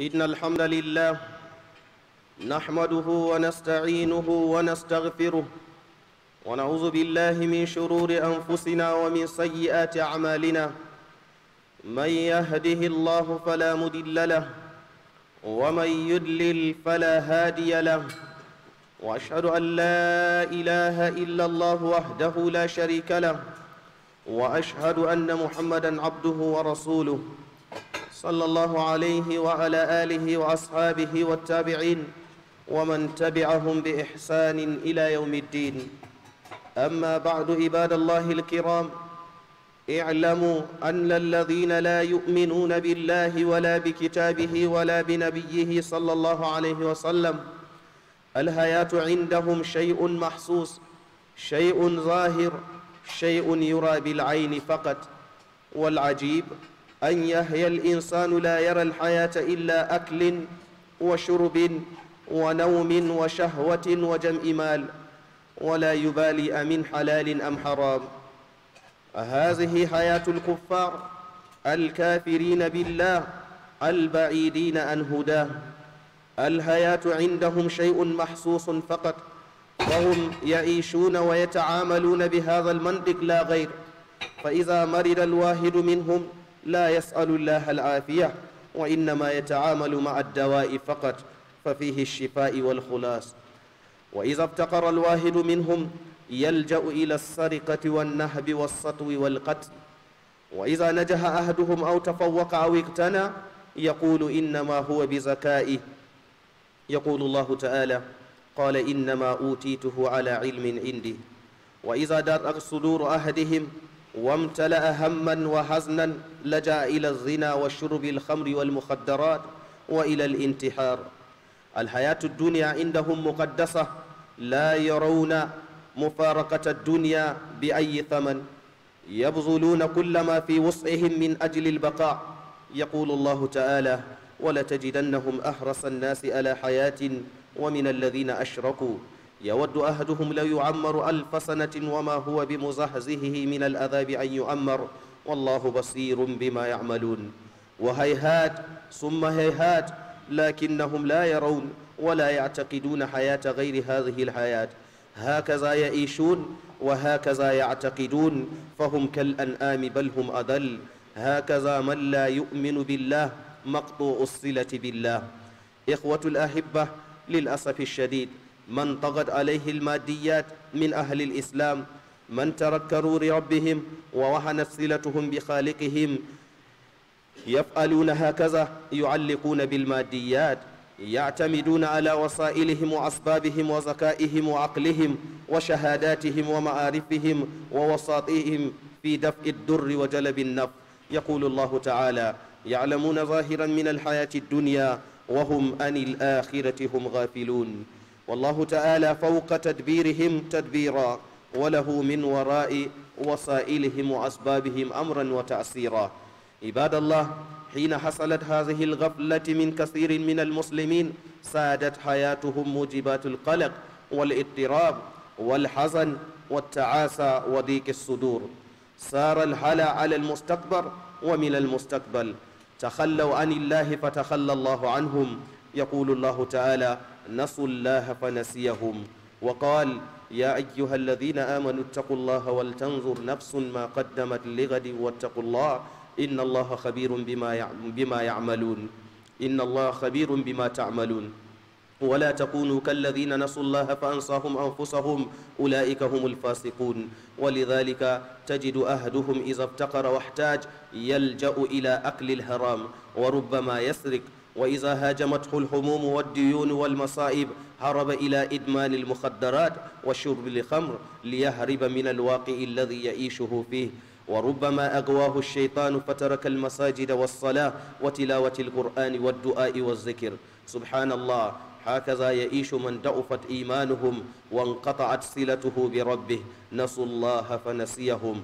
إن الحمد لله نحمده ونستعينه ونستغفره ونعوذ بالله من شرور أنفسنا ومن سيئات أعمالنا من يهده الله فلا مدل له ومن يدلل فلا هادي له وأشهد أن لا إله إلا الله وحده لا شريك له وأشهد أن محمدًا عبده ورسوله صلى الله عليه وعلى آله وأصحابه والتابعين ومن تبعهم بإحسان إلى يوم الدين أما بعد عباد الله الكرام اعلموا أن الذين لا يؤمنون بالله ولا بكتابه ولا بنبيه صلى الله عليه وسلم الحياة عندهم شيء محسوس شيء ظاهر شيء يرى بالعين فقط والعجيب أن يهيا الإنسان لا يرى الحياة إلا أكل وشرب ونوم وشهوة وجمع مال ولا يبالي أمن حلال أم حرام هذه حياة الكفار الكافرين بالله البعيدين عن هداه الحياة عندهم شيء محسوس فقط وهم يعيشون ويتعاملون بهذا المنطق لا غير فإذا مرض الواحد منهم لا يسأل الله العافية وإنما يتعامل مع الدواء فقط ففيه الشفاء والخلاص وإذا افتقر الواحد منهم يلجأ إلى السرقة والنهب والسطو والقتل وإذا نجح أحدهم أو تفوق أو اقتنى يقول إنما هو بزكائه يقول الله تعالى قال إنما أوتيته على علم عندي وإذا درأ صدور أحدهم وامتلأ هما وحزنا لجأ إلى الزنا والشرب الخمر والمخدرات وإلى الانتحار الحياة الدنيا عندهم مقدسة لا يرون مفارقة الدنيا بأي ثمن يبذلون كل ما في وسعهم من أجل البقاء يقول الله تعالى ولتجدنهم أحرص الناس على حياة ومن الذين أشركوا يود أحدهم لو يعمر ألف سنة وما هو بمزهزهه من الأذاب أن يعمر والله بصير بما يعملون وهيهات ثم هيهات لكنهم لا يرون ولا يعتقدون حياة غير هذه الحياة هكذا يعيشون وهكذا يعتقدون فهم كالأنآم بل هم أذل هكذا من لا يؤمن بالله مقطوع الصلة بالله إخوة الأحبة للأسف الشديد من طغت عليه الماديات من أهل الإسلام من ترك كرور ربهم ووهنت صلتهم بخالقهم يفعلون هكذا يعلقون بالماديات يعتمدون على وسائلهم وأسبابهم وذكائهم وعقلهم وشهاداتهم ومعارفهم ووساطهم في دفء الدر وجلب النفع يقول الله تعالى يعلمون ظاهرا من الحياة الدنيا وهم عن الآخرة هم غافلون والله تعالى فوق تدبيرهم تدبيرا وله من وراء وسائلهم وأسبابهم أمرا وتأثيرا عباد الله حين حصلت هذه الغفلة من كثير من المسلمين سادت حياتهم موجبات القلق والاضطراب والحزن والتعاسى وضيق الصدور سار الحلا على المستكبر ومن المستقبل تخلوا عن الله فتخلى الله عنهم يقول الله تعالى نسوا الله فنسيهم وقال يا أيها الذين آمنوا اتقوا الله ولتنظر نفس ما قدمت لغد واتقوا الله إن الله خبير بما بما يعملون إن الله خبير بما تعملون ولا تكونوا كالذين نسوا الله فأنساهم أنفسهم أولئك هم الفاسقون ولذلك تجد أهدهم إذا افتقر واحتاج يلجأ إلى أكل الحرام وربما يسرق وإذا هاجمته الهموم والديون والمصائب هرب إلى إدمان المخدرات وشرب الخمر ليهرب من الواقع الذي يعيشه فيه وربما أغواه الشيطان فترك المساجد والصلاة وتلاوة القرآن والدعاء والذكر سبحان الله هكذا يعيش من ضعفت إيمانهم وانقطعت صلته بربه نسوا الله فنسيهم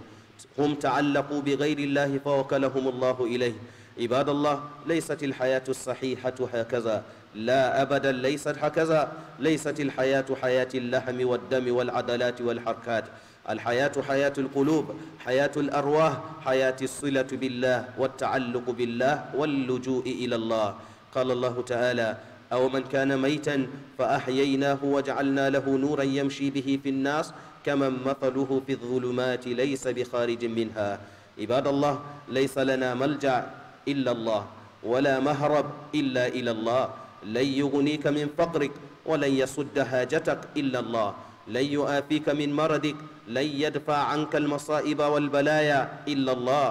هم تعلقوا بغير الله فوكلهم الله إليه عباد الله ليست الحياة الصحيحة هكذا لا أبدا ليست هكذا ليست الحياة حياة اللحم والدم والعدلات والحركات الحياة حياة القلوب حياة الأرواح حياة الصلة بالله والتعلق بالله واللجوء إلى الله قال الله تعالى أو من كان ميتا فأحييناه وجعلنا له نورا يمشي به في الناس كمن مثله في الظلمات ليس بخارج منها عباد الله ليس لنا ملجأ إلا الله ولا مهرب إلا إلى الله لن يغنيك من فقرك ولن يصد هاجتك إلا الله لن يؤافيك من مرضك لن يدفع عنك المصائب والبلايا إلا الله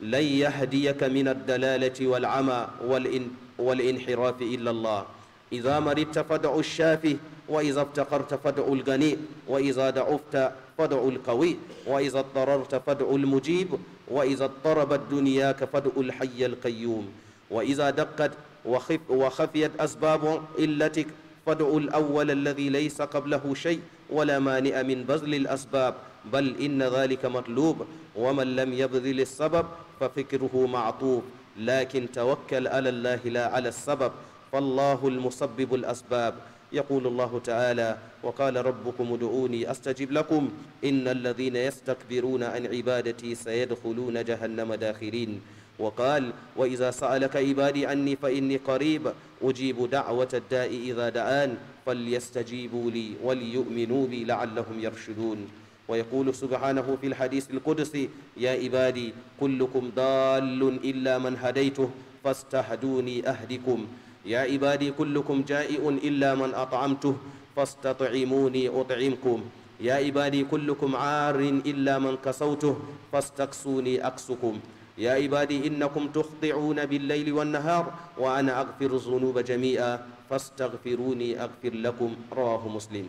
لن يهديك من الدلالة والعمى والإن والانحراف إلا الله إذا مرضت فدع الشافي وإذا افتقرت فدع الغني وإذا دعفت فدع القوي وإذا اضطررت فدع المجيب وإذا اضطربت دنياك فادعوا الحي القيوم وإذا دقت وخف وخفيت أسباب علتك فادعوا الأول الذي ليس قبله شيء ولا مانع من بذل الأسباب بل إن ذلك مطلوب ومن لم يبذل السبب ففكره معطوب لكن توكل على الله لا على السبب فالله المسبب الأسباب يقول الله تعالى وقال ربكم ادعوني أستجب لكم إن الذين يستكبرون عن عبادتي سيدخلون جهنم داخرين وقال وإذا سألك عبادي عني فإني قريب أجيب دعوة الداء إذا دعان فليستجيبوا لي وليؤمنوا بي لعلهم يرشدون ويقول سبحانه في الحديث القدسي يا عبادي كلكم ضال إلا من هديته فاستهدوني أهدكم يا عبادي كلكم جائع إلا من أطعمته فاستطعموني أطعمكم يا عبادي كلكم عار إلا من كسوته فاستكسوني أكسكم يا عبادي إنكم تخطئون بالليل والنهار وأنا أغفر الذنوب جميعا فاستغفروني أغفر لكم رواه مسلم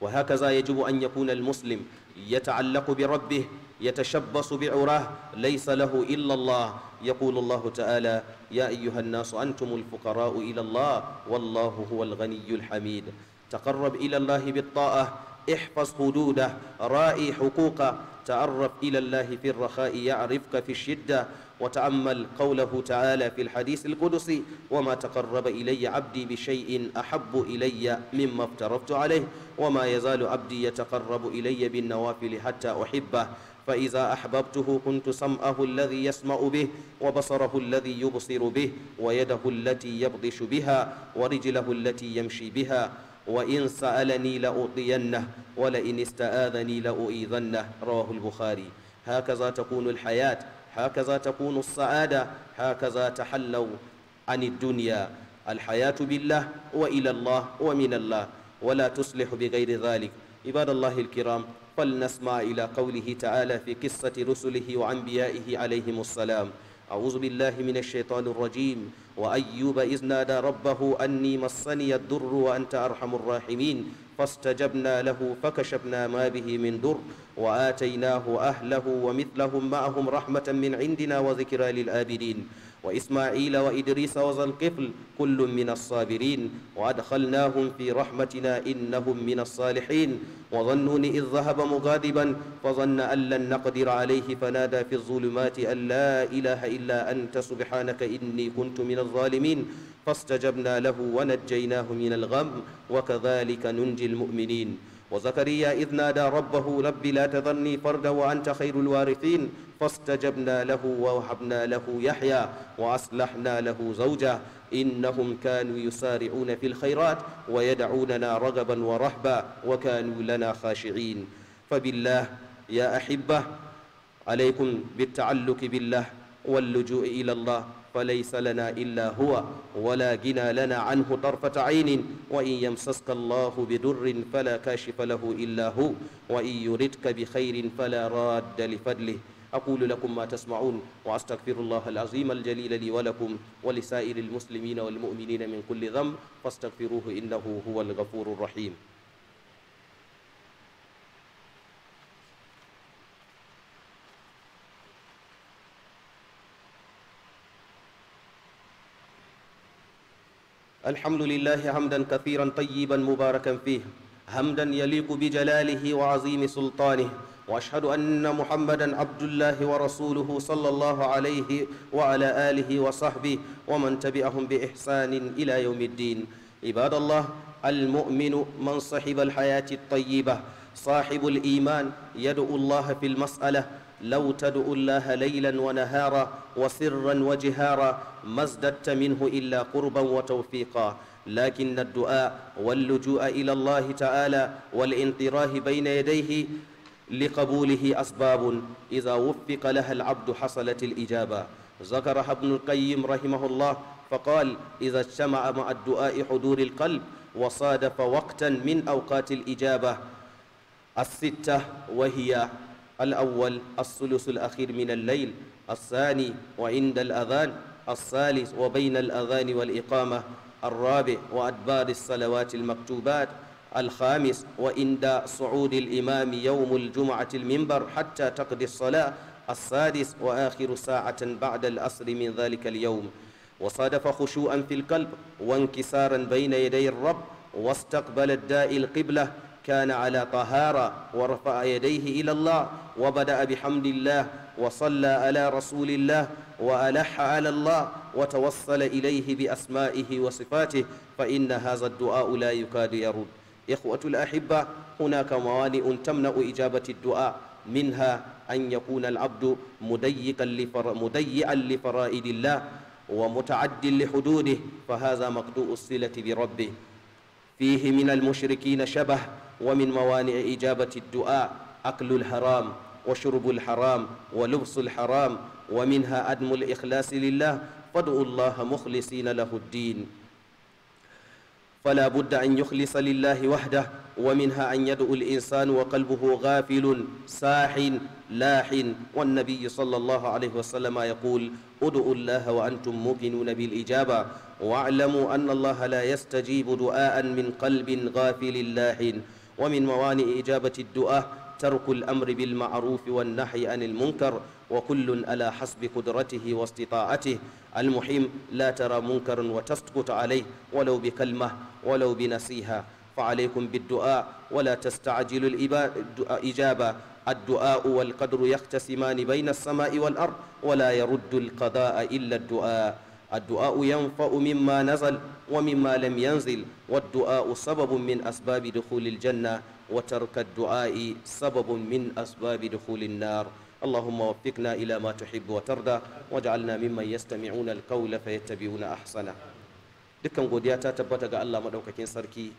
وهكذا يجب أن يكون المسلم يتعلق بربه يتشبص بعراه ليس له إلا الله يقول الله تعالى يا أيها الناس أنتم الفقراء إلى الله والله هو الغني الحميد تقرب إلى الله بالطاعة احفظ حدوده رائي حقوقه تعرف إلى الله في الرخاء يعرفك في الشدة وتأمل قوله تعالى في الحديث القدسي وما تقرب إلي عبدي بشيء أحب إلي مما افترضت عليه وما يزال عبدي يتقرب إلي بالنوافل حتى أحبه فإذا أحببته كنت سمعه الذي يسمع به وبصره الذي يبصر به ويده التي يبطش بها ورجله التي يمشي بها وإن سألني لأعطينه ولئن استآذني لأؤيذنه رواه البخاري هكذا تكون الحياة هكذا تكون السعادة هكذا تحلوا عن الدنيا الحياة بالله وإلى الله ومن الله ولا تصلح بغير ذلك عباد الله الكرام فلنسمع إلى قوله تعالى في قصة رسله وأنبيائه عليهم السلام أعوذ بالله من الشيطان الرجيم وأيوب إذ نادى ربه أني مصني الدر وأنت أرحم الراحمين فاستجبنا له فكشفنا ما به من در وآتيناه أهله ومثلهم معهم رحمة من عندنا وذكرى للآبدين وإسماعيل وإدريس وذا القفل كل من الصابرين وأدخلناهم في رحمتنا إنهم من الصالحين وظنون إذ ذهب مغاضبا فظن أن لن نقدر عليه فنادى في الظلمات أن لا إله إلا أنت سبحانك إني كنت من الظالمين فاستجبنا له ونجيناه من الغم وكذلك ننجي المؤمنين وزكريا إذ نادى ربه رب لا تذرني فردا وأنت خير الوارثين فاستجبنا له ووهبنا له يحيى وأصلحنا له زوجه إنهم كانوا يسارعون في الخيرات ويدعوننا رغبا ورهبا وكانوا لنا خاشعين فبالله يا أحبة عليكم بالتعلق بالله واللجوء إلى الله فليس لنا إلا هو ولا غنى لنا عنه طرفة عين وإن يمسسك الله بدر فلا كاشف له إلا هو وإن يردك بخير فلا راد لفضله أقول لكم ما تسمعون وأستغفر الله العظيم الجليل لي ولكم ولسائر المسلمين والمؤمنين من كل ذنب فاستغفروه إنه هو الغفور الرحيم الحمد لله حمدا كثيرا طيبا مباركا فيه حمدا يليق بجلاله وعظيم سلطانه واشهد ان محمدا عبد الله ورسوله صلى الله عليه وعلى اله وصحبه ومن تبعهم باحسان الى يوم الدين عباد الله المؤمن من صحب الحياه الطيبه صاحب الايمان يدعو الله في المساله لو تدعو الله ليلا ونهارا وسرا وجهارا ما ازددت منه الا قربا وتوفيقا لكن الدعاء واللجوء الى الله تعالى والانطراه بين يديه لقبوله أسباب إذا وفق لها العبد حصلت الإجابة ذكرها ابن القيم رحمه الله فقال إذا اجتمع مع الدعاء حضور القلب وصادف وقتا من أوقات الإجابة الستة وهي الأول الثلث الأخير من الليل الثاني وعند الأذان الثالث وبين الأذان والإقامة الرابع وأدبار الصلوات المكتوبات الخامس وعند صعود الإمام يوم الجمعة المنبر حتى تقضي الصلاة السادس وآخر ساعة بعد الأصر من ذلك اليوم وصادف خشوعا في القلب وانكسارا بين يدي الرب واستقبل الداء القبلة كان على طهارة ورفع يديه إلى الله وبدأ بحمد الله وصلى على رسول الله وألح على الله وتوصل إليه بأسمائه وصفاته فإن هذا الدعاء لا يكاد يرد إخوة الأحبة هناك موانئ تمنع إجابة الدعاء منها أن يكون العبد مديقا لفر... مديئا لفرائد الله ومتعد لحدوده فهذا مقدوء الصلة بربه فيه من المشركين شبه ومن موانع إجابة الدعاء أكل الحرام وشرب الحرام ولبس الحرام ومنها أدم الإخلاص لله فادعوا الله مخلصين له الدين فلا بد ان يخلص لله وحده ومنها ان يدعو الانسان وقلبه غافل ساح لاح والنبي صلى الله عليه وسلم يقول ادعوا الله وانتم موقنون بالاجابه واعلموا ان الله لا يستجيب دعاء من قلب غافل لاح ومن موانئ اجابه الدعاء ترك الامر بالمعروف والنحي عن المنكر وكل على حسب قدرته واستطاعته المحيم لا ترى منكر وتسكت عليه ولو بكلمة ولو بنسيها فعليكم بالدعاء ولا تستعجلوا الإجابة الدعاء والقدر يختسمان بين السماء والأرض ولا يرد القضاء إلا الدعاء الدعاء ينفع مما نزل ومما لم ينزل والدعاء سبب من أسباب دخول الجنة وترك الدعاء سبب من أسباب دخول النار اللهم وفقنا إلى ما تحب وترضى واجعلنا ممن يستمعون القول فيتبعون أحسنه dukkan godiya ta tabbata ga Allah madaukakin sarki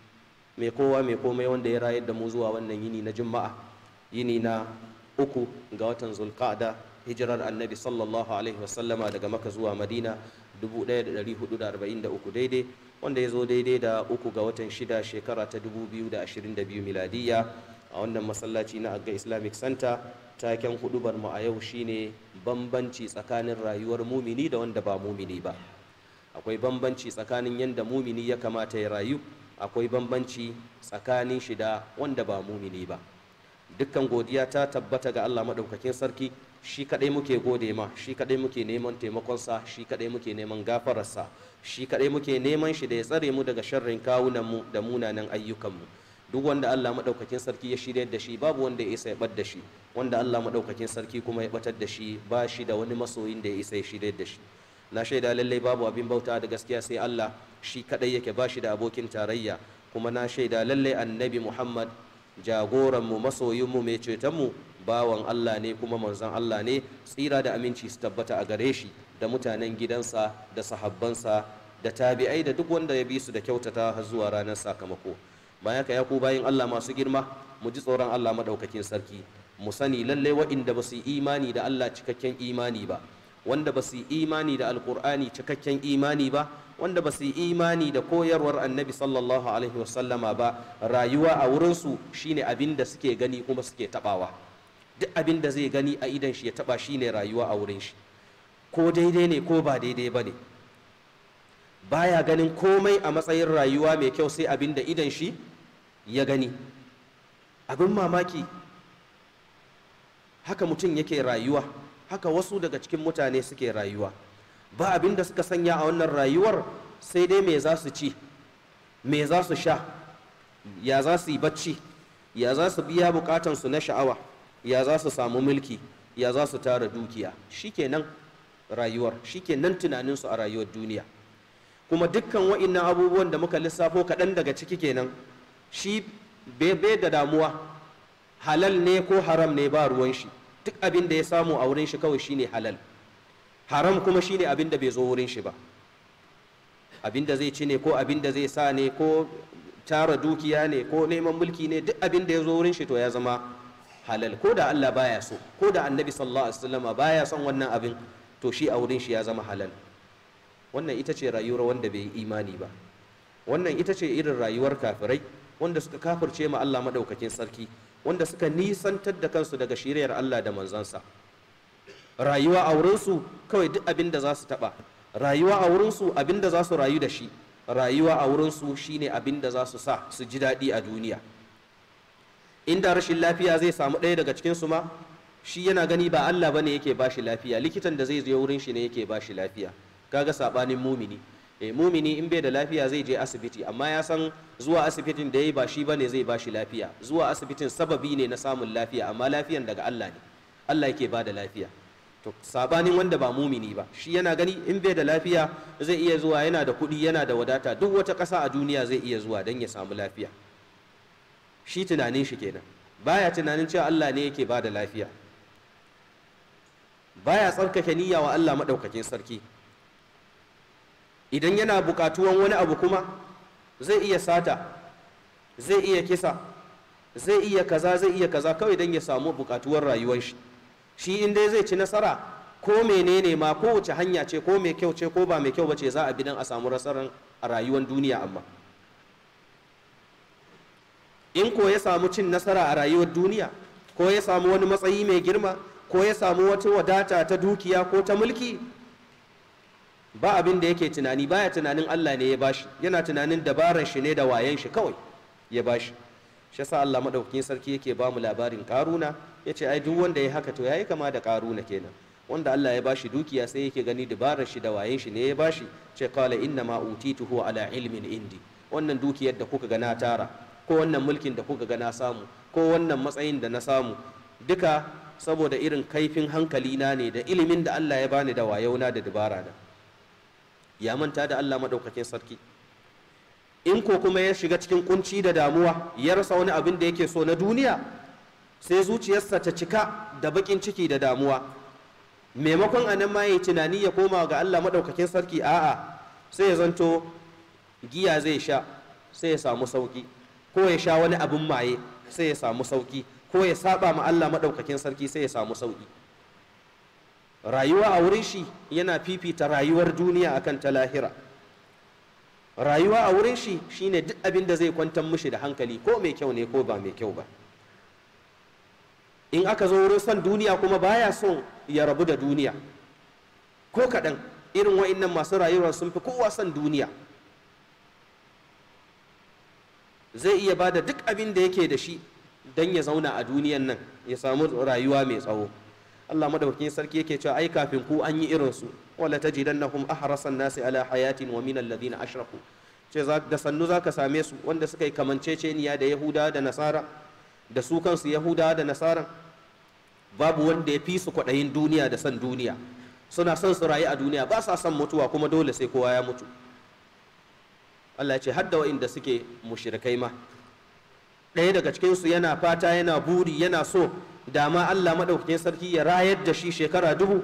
mai kowa mai komai wanda ya rayar da mu zuwa wannan yini na juma'a yini na uku ga watan zulqa'da hijirar annabi sallallahu alaihi wasallama daga maka zuwa madina 1443 daidai wanda ya zo daidai da uku ga watan shida shekara ta 2022 miladiyya a wannan masallaci na agga islamic center taken hudubar mu a yau shine bambanci tsakanin rayuwar mumini da wanda ba mumini ba akwai bambanci tsakanin yadda mumini ya kamata ya rayu akwai bambanci tsakanin shi da wanda ba mumini ba dukkan godiya ta tabbata ga Allah maɗaukakin sarki shi kaɗai muke gode ma shi kaɗai muke neman taimakonsa shi kaɗai muke neman gafararsa shi kaɗai muke neman shi da ya tsare mu daga sharrin kawunanmu da munanan mu. duk wanda Allah madaukakin sarki ya shirya da shi babu wanda ya isa ya bar da shi wanda Allah madaukakin sarki kuma ya batar da shi ba shi da wani masoyin da ya isa ya shirya da shi na shaida lallai babu abin bauta da gaskiya sai Allah shi kadai yake ba shi da abokin tarayya kuma na shaida lallai annabi Muhammad jagoranmu masoyinmu mai mu bawan Allah ne kuma manzon Allah ne tsira da aminci su tabbata a gare shi da mutanen gidansa da sahabbansa da tabi'ai da duk wanda ya bi su da kyautata har zuwa ranar sakamako baya ka ya ku bayin Allah masu girma mu ji tsoron Allah madaukakin sarki mu sani lallai wa'inda ba su yi imani da Allah cikakken imani ba wanda ba su imani da alkur'ani cikakken imani ba wanda ba su yi imani da koyarwar annabi sallallahu alaihi wasallama ba rayuwa a wurinsu shine abin da suke gani kuma suke tabawa duk abin da zai gani a idan shi ya taba shine rayuwa a wurin shi ko daidai ne ko ba daidai ba ne baya ganin komai a matsayin rayuwa mai kyau sai abin da idan shi ya gani abin mamaki haka mutum yake rayuwa haka wasu daga cikin mutane suke rayuwa ba abin da suka sanya a wannan rayuwar sai dai me za su ci me za su sha ya za su yi bacci ya za su biya bukatansu na sha'awa ya za su samu mulki ya za su tara dukiya shikenan rayuwar shikenan tunaninsu a rayuwar duniya kuma dukkan wa'innan abubuwan da muka lissafo kaɗan daga ciki kenan shi bebe da damuwa halal ne ko haram ne ba ruwan shi duk abin da ya samu a wurin shi kawai shine halal haram kuma shine abin da bai zo wurin shi ba abin da zai ci ne ko abin da zai sa ne ko tara dukiya ne ko neman mulki ne duk abin da ya zo wurin shi to ya zama halal ko da Allah baya so ko da annabi sallallahu alaihi wasallama baya son wannan abin to shi a wurin shi ya zama halal wannan ita ce rayuwar wanda bai imani ba wannan ita ce irin rayuwar kafirai wanda suka kafirce ma Allah madaukakin sarki wanda suka nisantar da kansu daga shiriyar Allah da manzansa rayuwa a wurinsu kawai duk abin da za su taɓa rayuwa a wurinsu abin da za su rayu da shi rayuwa a wurinsu shine abin da za su sa su ji daɗi a duniya inda rashin lafiya zai samu ɗaya daga cikinsu ma shi yana gani ba Allah ba ne yake ba shi lafiya likitan da zai zo wurin shi ne yake ba shi lafiya kaga saɓanin mumini e mumini in bai da lafiya zai je asibiti amma ya san zuwa asibitin da yayi ba shi ba ne zai ba shi lafiya zuwa asibitin sababi ne na samun lafiya amma lafiyan daga Allah ne Allah yake ba da lafiya to sabanin wanda ba mumini ba shi yana gani in bai da lafiya zai iya zuwa yana da kuɗi yana da wadata duk wata ƙasa a duniya zai iya zuwa don ya samu lafiya shi tunanin shi kenan baya tunanin cewa Allah ne yake ba da lafiya baya tsarkake niyya wa Allah maɗaukakin sarki idan yana buƙatuwan wani abu kuma zai iya sata zai iya kisa zai iya kaza zai iya kaza kawai don ya samu buƙatuwar rayuwarshi shi in dai zai ci nasara ko menene ma kowace hanya ce ko mai kyau ce ko ba mai kyau ba ce za a bi don a samu nasarar a rayuwar duniya amma in ko ya samu cin nasara a rayuwar duniya ko ya samu wani matsayi mai girma ko ya samu wata wadata ta dukiya ko ta mulki ba abin da yake tunani baya tunanin Allah ne ya bashi yana tunanin dabaran shi ne da wayen shi kawai ya bashi shi yasa Allah madaukakin sarki yake ba mu labarin karuna yace ai duk wanda ya haka to yayi kama da karuna kenan wanda Allah ya bashi dukiya sai yake gani dabaran shi da wayen shi ne ya bashi ce qala inna ma utituhu ala ilmin indi wannan dukiyar da kuka ga na tara ko wannan mulkin da kuka ga na samu ko wannan matsayin da na samu duka saboda irin kaifin hankali na ne da ilimin da Allah ya bani da wayauna da dabara na ya manta da Allah maɗaukakin sarki in ko kuma ya shiga cikin kunci da damuwa ya rasa wani abin da yake so na duniya sai zuciyarsa ta cika da baƙin ciki da damuwa maimakon a nan ma ya tunani ya koma ga Allah maɗaukakin sarki a'a sai ya zanto giya zai sha sai ya samu sauki ko ya sha wani abin maye sai ya samu sauki ko ya saba ma Allah maɗaukakin sarki sai ya samu sauki rayuwa a wurin shi yana fifita rayuwar duniya a kan ta lahira rayuwa a wurin shi shine duk abin da zai kwantar mushi da hankali ko mai kyau ne ko ba mai kyau ba in aka zo wurin son duniya kuma baya son ya rabu da duniya ko kaɗan irin wa'innan masu rayuwa sun fi kowa son duniya zai iya ba da duk abin da yake da shi don ya zauna a duniyan nan ya samu rayuwa mai tsawo Allah madaukakin sarki yake cewa ai kafin ku an yi irin su wala tajidannahum ahrasan nasi ala hayatin wa min alladhina ashraku ce da sannu zaka same su wanda suka yi kamanceceniya da Yahuda da Nasara da su kansu Yahuda da Nasara babu wanda ya fi su kwaɗayin duniya da san duniya suna son su rayu a duniya ba sa son mutuwa kuma dole sai kowa ya mutu Allah ya ce da wa'inda suke mushrikai ma ɗaya daga cikinsu yana fata yana buri yana so dama Allah maɗaukakin sarki ya rayar da shi shekara dubu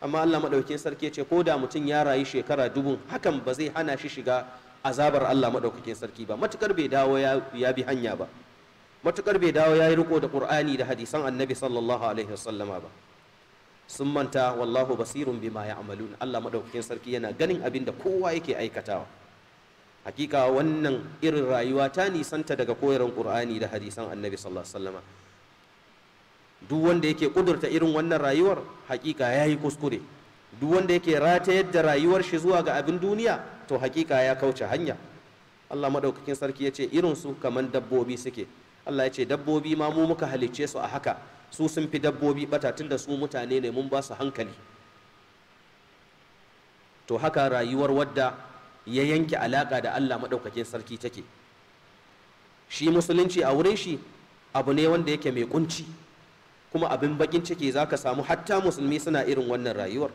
amma Allah maɗaukakin sarki ce ko da mutum ya rayu shekara dubu hakan ba zai hana shi shiga azabar Allah maɗaukakin sarki ba matukar bai dawo ya bi hanya ba matukar bai dawo ya yi riko da Qur'ani da hadisan Annabi sallallahu alaihi wasallama ba sun manta wallahu basirun bima ya'malun Allah maɗaukakin sarki yana ganin abin da kowa yake aikatawa hakika wannan irin rayuwa ta nisanta daga koyarwar Qur'ani da hadisan Annabi sallallahu alaihi wasallama duk wanda yake kudurta irin wannan rayuwar hakika ya yi kuskure duk wanda yake ratayar da rayuwar shi zuwa ga abin duniya to hakika ya kauce hanya Allah madaukakin sarki ya ce irin su kamar dabbobi suke Allah ya ce dabbobi ma mu muka halicce su a haka su sun fi dabbobi bata tun da su mutane ne mun ba su hankali to haka rayuwar wadda ya yanke alaƙa da Allah madaukakin sarki take shi musulunci a wurin shi abu ne wanda yake mai kunci kuma abin bakin ciki za ka samu hatta musulmi suna irin wannan rayuwar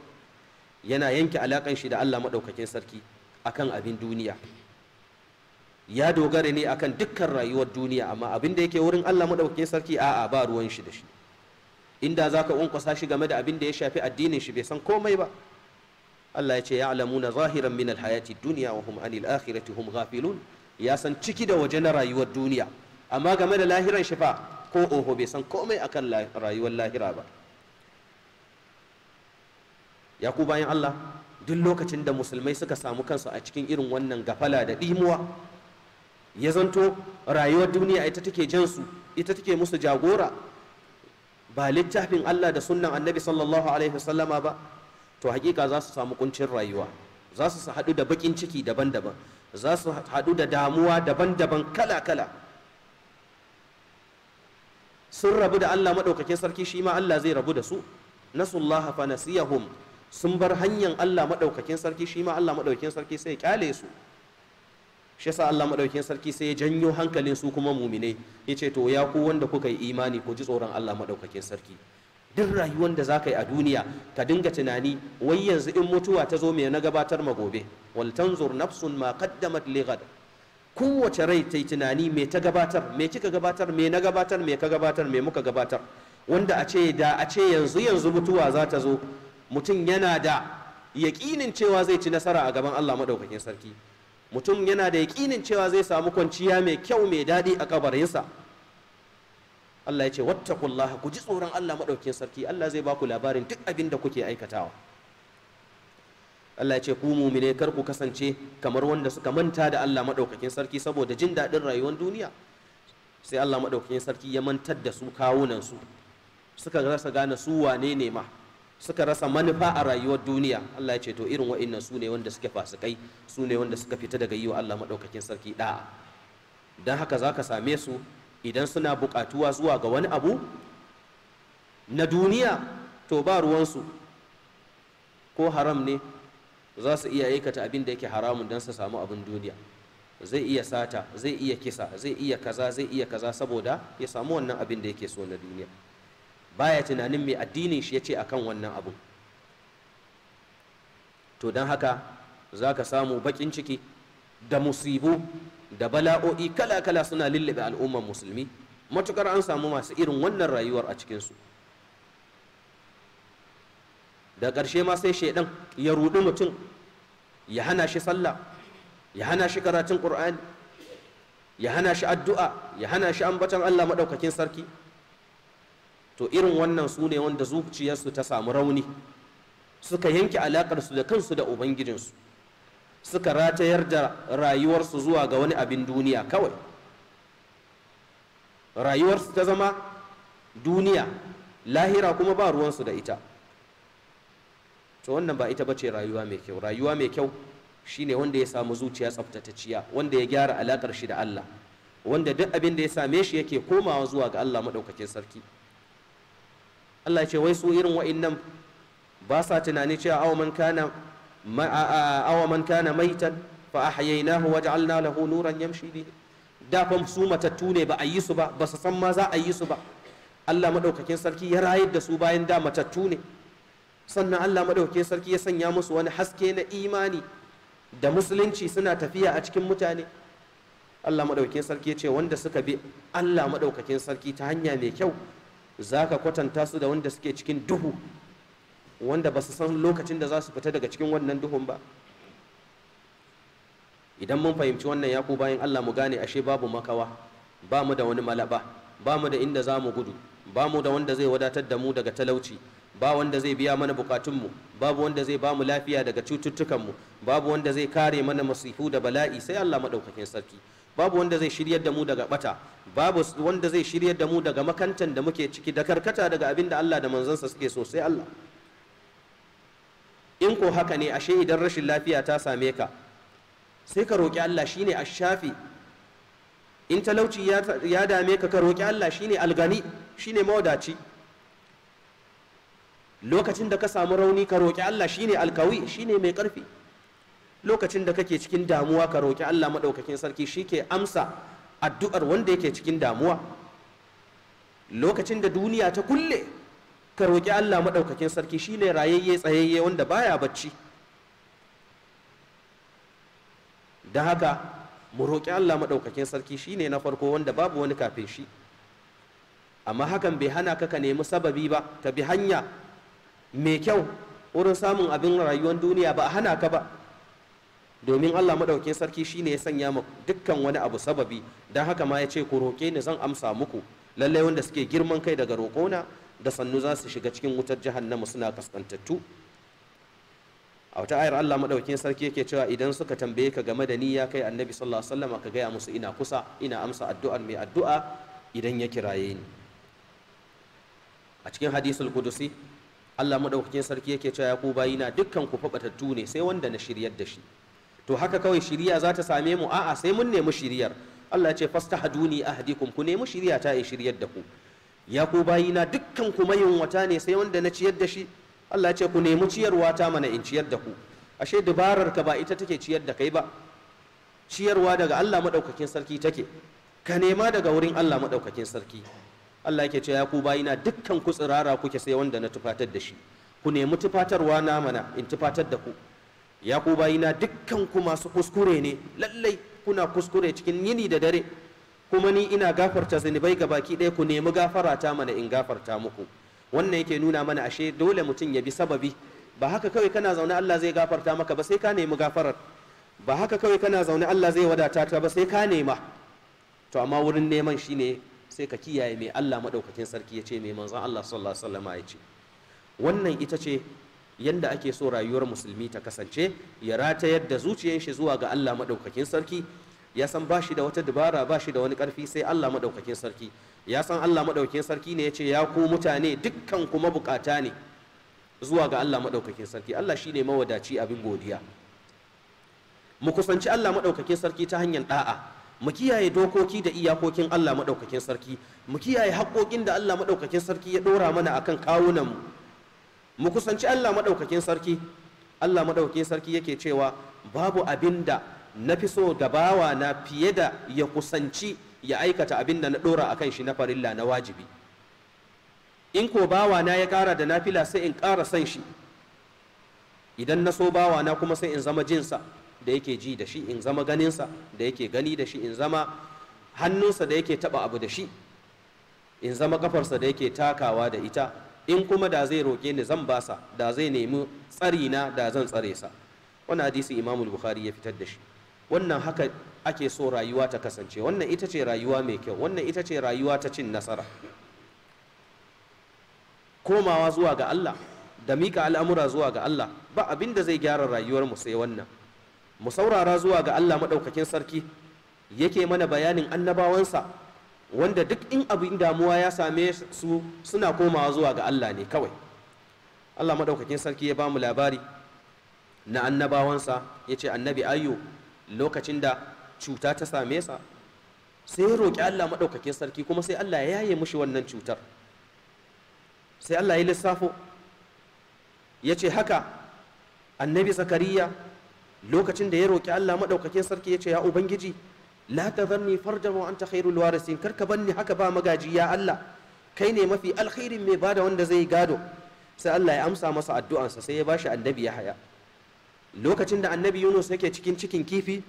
yana yanke alakan shi da allah maɗaukakin sarki akan abin duniya ya dogara ne akan dukkan rayuwar duniya amma abin da yake wurin allah maɗaukakin sarki a'a ba ruwan shi da shi inda za ka unkwasa shi game da abin da ya shafi addinin shi bai san komai ba allah ya ce ya alamuna zahiran min alhayati duniya wa hum anil akhirati hum ghafilun ya san ciki da waje na rayuwar duniya amma game da lahiran shi fa ko oho bai san komai akan rayuwar lahira ba ya ku bayan Allah duk lokacin da musulmai suka samu kansu a cikin irin wannan gafala da ɗimuwa ya zanto rayuwar duniya ita take su ita take musu jagora ba littafin Allah da sunnan annabi sallallahu alaihi wasallama ba to hakika za su samu kuncin rayuwa za su haɗu da baƙin ciki daban-daban za su haɗu da damuwa daban-daban kala-kala sun rabu da Allah maɗaukakin sarki shi ma Allah zai rabu da su nasullaha fa nasiyahum sun bar hanyar Allah maɗaukakin sarki shi ma Allah maɗaukakin sarki sai ya kyale su shi yasa Allah maɗaukakin sarki sai ya janyo hankalin su kuma mumine yace to ya ku wanda kuka yi imani ku ji tsoron Allah maɗaukakin sarki duk rayuwar da zaka yi a duniya ka dinga tunani wai yanzu in mutuwa ta zo me na gabatar ma gobe wal tanzur nafsun ma qaddamat li kowace rai ta yi tunani mai ta gabatar mai kika gabatar me na gabatar mai ka gabatar mai muka gabatar wanda a ce da a ce yanzu yanzu mutuwa za ta zo mutum yana da yaƙinin cewa zai ci nasara a gaban Allah maɗaukakin sarki mutum yana da yaƙinin cewa zai samu kwanciya mai kyau mai daɗi a kabarinsa Allah ya ce wattaqullaha ku ji tsoron Allah maɗaukakin sarki Allah zai ba ku labarin duk abin da kuke aikatawa Allah ya ce ku mumine kar ku kasance kamar wanda suka manta da Allah madaukakin sarki saboda jin daɗin rayuwar duniya sai Allah madaukakin sarki ya mantar da su kawunan su suka rasa gane su wane ne ma suka rasa manufa a rayuwar duniya Allah ya ce to irin wa'annan su ne wanda suke fasikai su ne wanda suka fita daga yiwa Allah madaukakin sarki da dan haka zaka same su idan suna buƙatuwa zuwa ga wani abu na duniya to ba ruwansu ko haram ne za su iya aikata abin da yake haramun don su samu abin duniya zai iya sata zai iya kisa zai iya kaza zai iya kaza saboda ya samu wannan abin da yake so na duniya baya tunanin mai addinin shi ya ce akan wannan abu to don haka za ka samu bakin ciki da musibu da bala'o'i kala-kala suna lullube al'ummar musulmi matukar an samu masu irin wannan rayuwar a cikinsu da ƙarshe ma sai shaidan ya rudi mutum ya hana shi sallah ya hana shi karatun ƙur'ani ya hana shi addu'a ya hana shi ambatan Allah maɗaukakin sarki to irin wannan su ne wanda zuciyarsu ta samu rauni suka yanke alaƙarsu da kansu da ubangijinsu suka ratayar da rayuwarsu zuwa ga wani abin duniya kawai rayuwarsu ta zama duniya lahira kuma ba ruwansu da ita to wannan ba ita ba ce rayuwa mai kyau rayuwa mai kyau shine wanda ya samu zuciya tsaftatacciya wanda ya gyara alakar shi da Allah wanda duk abin da ya same shi yake komawa zuwa ga Allah madaukakin sarki Allah ya ce wai su irin wa'annan ba sa tunani cewa awa man kana awa man kana maitan fa ahyaynahu waj'alna lahu nuran yamshi bihi da fa su matattu ne ba a yi su ba ba su san ma za a yi su ba Allah madaukakin sarki ya rayar da su bayan da matattu ne sannan Allah madaukakin sarki ya sanya musu wani haske na imani da musulunci suna tafiya a cikin mutane Allah madaukakin sarki ya ce wanda suka bi Allah madaukakin sarki ta hanya mai kyau za ka kwatanta su da wanda suke cikin duhu wanda ba su san lokacin da za su fita daga cikin wannan duhun ba idan mun fahimci wannan yaku bayan Allah mu gane ashe babu makawa ba mu da wani malaba ba mu da inda za mu gudu ba mu da wanda zai wadatar da mu daga talauci ba wanda zai biya mana bukatunmu babu wanda zai bamu lafiya daga cututtukanmu babu wanda zai kare mana masifu da bala'i sai Allah maɗaukakin sarki babu wanda zai shiryar da mu daga bata babu wanda zai shiryar da mu daga makantan da muke ciki da karkata daga abin da Allah da manzansa suke so sai Allah in ko haka ne ashe idan rashin lafiya ta same ka sai ka roƙi Allah shine shafi in talauci ya dame ka ka roƙi Allah shine algani shine mawadaci lokacin da ka samu rauni ka roƙi Allah shine alkawi shine mai ƙarfi lokacin da kake cikin damuwa ka roƙi Allah maɗaukakin sarki shike amsa addu'ar wanda yake cikin damuwa lokacin da duniya ta kulle ka roƙi Allah maɗaukakin sarki shine rayayye tsayayye wanda baya bacci da haka mu roƙi Allah maɗaukakin sarki shine na farko wanda babu wani kafin shi amma hakan bai hana ka ka nemi sababi ba ka bi hanya mai kyau wurin samun abin rayuwar duniya ba a hana ka ba domin Allah maɗaukin sarki shine ya sanya ma dukkan wani abu sababi don haka ma ya ce ku roƙe ni zan amsa muku lallai wanda suke girman kai daga roƙona da sannu za su shiga cikin wutar jahannama suna kaskantattu a wata ayar Allah maɗaukin sarki yake cewa idan suka tambaye ka game da ni ya kai annabi sallallahu alaihi wasallam ka gaya musu ina kusa ina amsa addu'ar mai addu'a idan ya kiraye ni a cikin hadisul qudusi Allah madaukakin sarki yake cewa ku bayina dukkan ku fabatattu ne sai wanda na shiryar da shi to haka kawai shiriya za ta same mu a'a sai mun nemi shiriyar Allah ce fastahduni ahdikum ku nemi shiriya ta yi shiryar da ku ya ku bayina dukkan ku wata ne sai wanda na ciyar da shi Allah ce ku nemi ciyarwa ta mana in ciyar da ku ashe dubarar ka ba ita take ciyar da kai ba ciyarwa daga Allah madaukakin sarki take ka nema daga wurin Allah madaukakin sarki Allah yake cewa ya ku bayina dukkan ku tsirara kuke sai wanda na tufatar da shi ku nemi tufatarwa na mana in tufatar da ku ya ku bayina dukkan ku masu kuskure ne lallai kuna kuskure cikin yini da dare kuma ni ina gafarta zunubai ga baki ɗaya ku nemi gafara ta mana in gafarta muku wannan yake nuna mana ashe dole mutum ya bi sababi ba haka kawai kana zaune Allah zai gafarta maka ba sai ka nemi gafarar ba haka kawai kana zaune Allah zai wadata ta ba sai ka nema to amma wurin neman shine sai ka kiyaye mai Allah maɗaukakin sarki ya ce mai manzan Allah sallallahu alaihi wasallama ya ce wannan ita ce yadda ake so rayuwar musulmi ta kasance ya rata yadda zuciyar shi zuwa ga Allah maɗaukakin sarki ya san ba shi da wata dabara ba shi da wani ƙarfi sai Allah maɗaukakin sarki ya san Allah maɗaukakin sarki ne ya ce ya ku mutane dukkan kuma bukata ne zuwa ga Allah maɗaukakin sarki Allah shi ne mawadaci abin godiya mu kusanci Allah maɗaukakin sarki ta hanyar ɗa'a mu kiyaye dokoki da iyakokin Allah maɗaukakin sarki mu kiyaye haƙoƙin da Allah maɗaukakin sarki ya ɗora mana akan kawunan mu mu kusanci Allah maɗaukakin sarki Allah maɗaukakin sarki yake cewa babu abin da na fi so da bawa na fiye da ya kusanci ya aikata abin da na ɗora akan shi na farilla na wajibi in ko bawa na ya kara da nafila sai in kara san shi idan na so bawa na kuma sai in zama jinsa da yake ji da shi in zama ganinsa da yake gani da shi in zama hannunsa da yake taba abu da shi in zama kafarsa da yake takawa da ita in kuma da zai roƙe ni zan basa da zai nemi tsari na da zan tsare sa wannan hadisi imamu bukhari ya fitar da shi wannan haka ake so rayuwa ta kasance wannan ita ce rayuwa mai kyau wannan ita ce rayuwa ta cin nasara komawa zuwa ga Allah da miƙa al'amura zuwa ga Allah ba abin da zai gyara rayuwar mu sai wannan mu saurara zuwa ga Allah maɗaukakin sarki yake mana bayanin annabawansa wanda duk in abin damuwa ya same su suna komawa zuwa ga Allah ne kawai Allah maɗaukakin sarki ya ba mu labari na annabawansa ya ce annabi ayyo lokacin da cuta ta same sa sai ya roƙi Allah maɗaukakin sarki kuma sai Allah ya yaye mushi wannan cutar sai Allah ya lissafo ya ce haka annabi zakariya lokacin da ya roƙi Allah maɗaukakin sarki ya ce ya ubangiji la tazarni farjan wa anta khairul warisin karka banni haka ba magaji ya Allah kai ne mafi alkhairin mai bada wanda zai gado sai Allah ya amsa masa addu'ansa sai ya bashi annabi ya haya lokacin da annabi Yunus yake cikin cikin kifi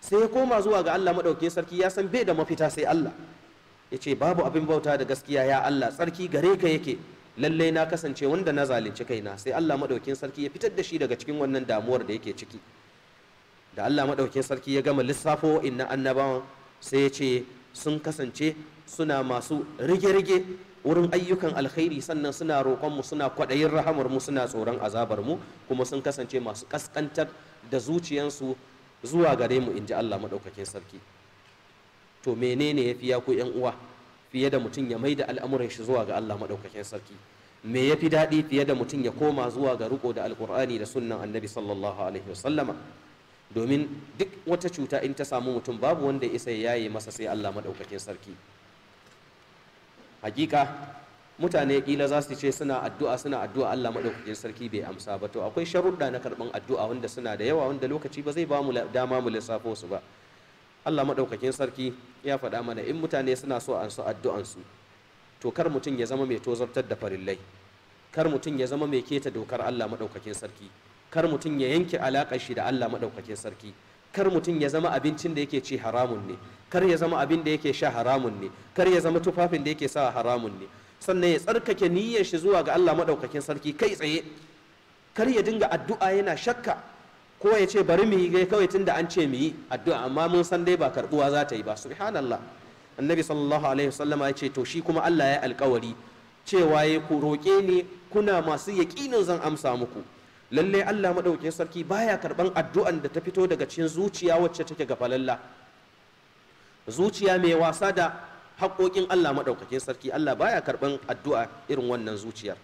sai ya koma zuwa ga Allah madaukakin sarki ya san bai da mafita sai Allah ya ce babu abin bauta da gaskiya ya Allah Sarki gare ka yake lallai na kasance wanda na zalunci kaina sai Allah madaukin sarki ya fitar da shi daga cikin wannan damuwar da yake ciki da Allah madaukin sarki ya gama lissafo inna annabawan sai ya ce sun kasance suna masu rige-rige wurin ayyukan alkhairi sannan suna mu suna kwaɗayin rahamar mu suna tsoron azabar mu kuma sun kasance masu ƙasƙantar da zuciyansu zuwa gare mu in Allah maɗaukakin sarki to menene yafi ya ku 'yan uwa fiye da mutum ya maida al'amuran shi zuwa ga Allah maɗaukakin sarki me ya fi daɗi fiye da mutum ya koma zuwa ga riko da al'kur'ani da sunnan annabi sallallahu alaihi wasallama domin duk wata cuta in ta samu mutum babu wanda isa ya yaye masa sai Allah maɗaukakin sarki hakika mutane kila za su ce suna addu'a suna addu'a Allah maɗaukakin sarki bai amsa ba to akwai sharuɗa na karɓan addu'a wanda suna da yawa wanda lokaci ba zai ba mu dama mu lissafo su ba Allah maɗaukakin sarki ya faɗa mana in mutane suna so an su addu'ansu to kar mutum ya zama mai tozartar da farillai kar mutum ya zama mai keta dokar Allah maɗaukakin sarki kar mutum ya yanke alaƙar shi da Allah maɗaukakin sarki kar mutum ya zama abincin da yake ci haramun ne kar ya zama abin da yake sha haramun ne kar ya zama tufafin da yake sa haramun ne sannan ya tsarkake niyyar shi zuwa ga Allah maɗaukakin sarki kai tsaye kar ya dinga addu'a yana shakka ko ya ce bari mu yi gai kawai da an ce mu yi addu'a amma mun san dai ba karbuwa za ta yi ba subhanallah annabi sallallahu alaihi wasallama ya ce to shi kuma Allah ya alkawari cewa ya ku roƙe ni kuna masu yaƙinin zan amsa muku lalle Allah madaukakin sarki baya karban addu'an da ta fito daga cikin zuciya wacce take ga falalla zuciya mai wasa da haƙoƙin Allah madaukakin sarki Allah baya karban addu'a irin wannan zuciyar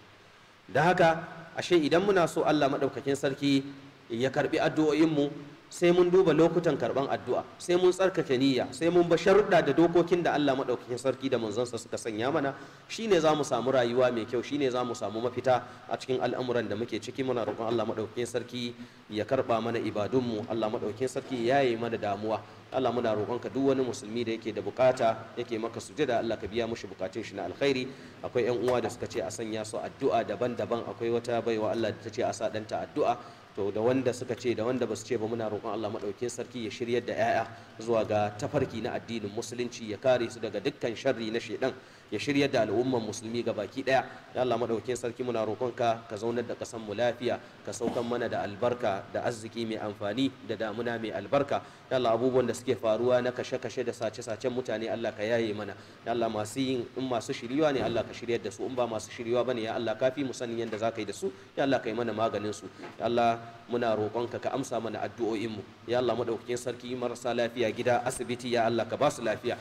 da haka ashe idan muna so Allah madaukakin sarki ya karbi mu sai mun duba lokutan karban addu'a sai mun tsarkake niyya sai mun ba sharuɗa da dokokin da Allah madaukakin sarki da sa suka sanya mana shine za mu samu rayuwa mai kyau shine za mu samu mafita a cikin al'amuran da muke ciki muna roƙon Allah madaukakin sarki ya karba mana ibadunmu Allah madaukakin sarki ya yi mana damuwa Allah muna roƙon ka duk wani musulmi da yake da bukata yake maka da Allah ka biya mushi bukatun shi na alkhairi akwai yan uwa da suka ce a sanya su addu'a daban-daban akwai wata baiwa Allah da ta ce a sa danta addu'a to da wanda suka ce da wanda basu ce ba muna roƙon Allah madaukin sarki ya shiryar da 'ya'ya zuwa ga tafarki na addinin musulunci ya kare su daga dukkan sharri na shaidan ya shirya da al'umman musulmi ga baki daya ya Allah madaukakin sarki muna roƙonka ka zaunar da kasan mu lafiya ka saukan mana da albarka da arziki mai amfani da damuna mai albarka ya Allah abubuwan da suke faruwa na kashe-kashe da sace-sacen mutane Allah ka yaye mana ya Allah masu yin in masu shiriwa ne Allah ka shiryar da su in ba masu shiriwa bane ya Allah kafi mu sanin yadda zaka yi da su ya Allah kai mana maganin su ya Allah muna roƙonka ka amsa mana addu'o'in mu ya Allah madaukakin sarki marasa lafiya gida asibiti ya Allah ka ba su lafiya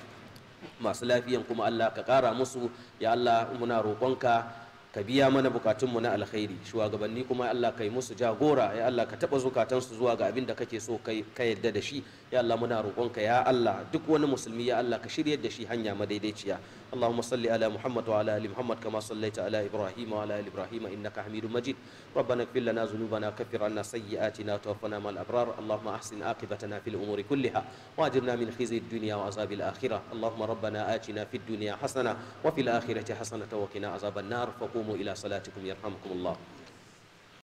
masu lafiyan kuma Allah ka ƙara musu ya Allah muna roƙonka ka biya mana bukatunmu na alkhairi shugabanni kuma Allah kai musu jagora ya Allah ka taba zukatansu zuwa ga abin da kake so kai ka yarda da shi ya Allah muna roƙonka ya Allah duk wani musulmi ya Allah ka shiryar da shi hanya madaidaiciya اللهم صل على محمد وعلى ال محمد كما صليت على ابراهيم وعلى ال ابراهيم انك حميد مجيد ربنا اغفر لنا ذنوبنا وكفر عنا سيئاتنا وتوفنا مع الابرار اللهم احسن عاقبتنا في الامور كلها واجرنا من خزي الدنيا وعذاب الاخره اللهم ربنا اتنا في الدنيا حسنه وفي الاخره حسنه وقنا عذاب النار فقوموا الى صلاتكم يرحمكم الله